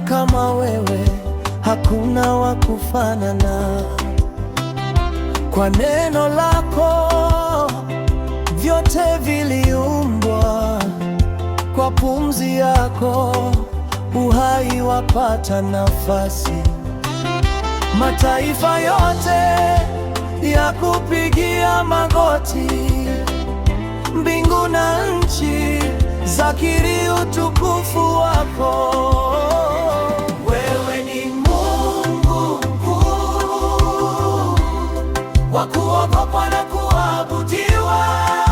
kama wewe, hakuna wa kufanana. Kwa neno lako vyote viliumbwa, kwa pumzi yako uhai wapata nafasi. Mataifa yote ya kupigia magoti, mbingu na nchi zakiri utukufu kuogopwa na kuabutiwa.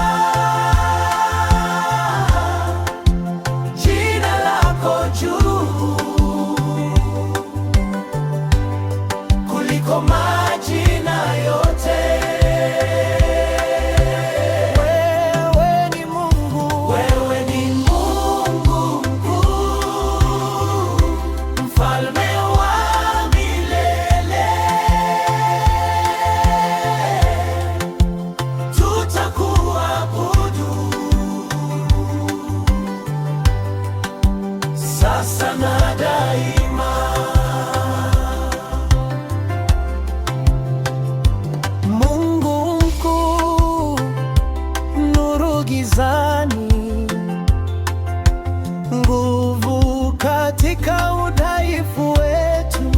nguvu katika udhaifu wetu.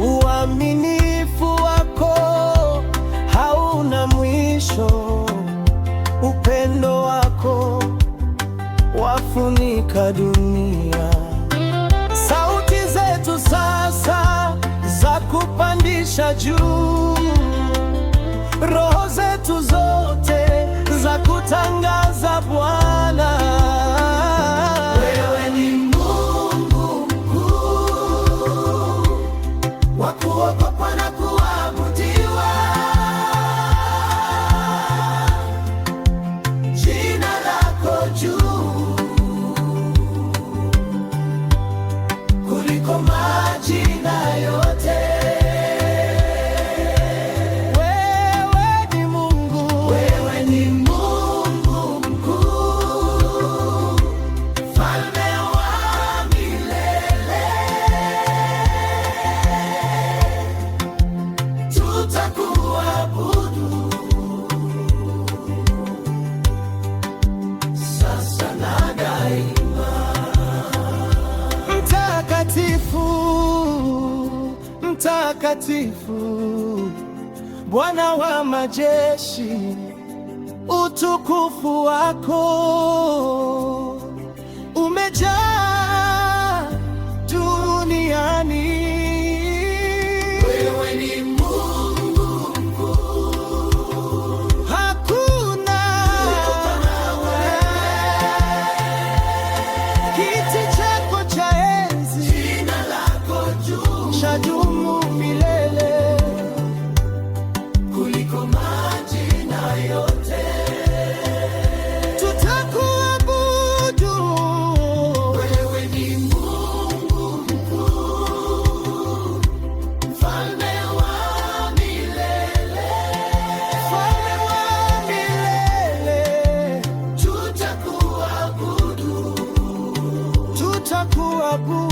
Uaminifu wako hauna mwisho, upendo wako wafunika dunia. Sauti zetu sasa za kupandisha juu, roho zetu zote za kutangaza Bwana. Mtakatifu, Bwana wa majeshi, utukufu wako umejaa chadumu milele kuliko majina yote. Tutakuabudu wewe, ni Mungu mkuu, mfalme wa milele, mfalme wa milele. Tutakuabudu, tutakuabudu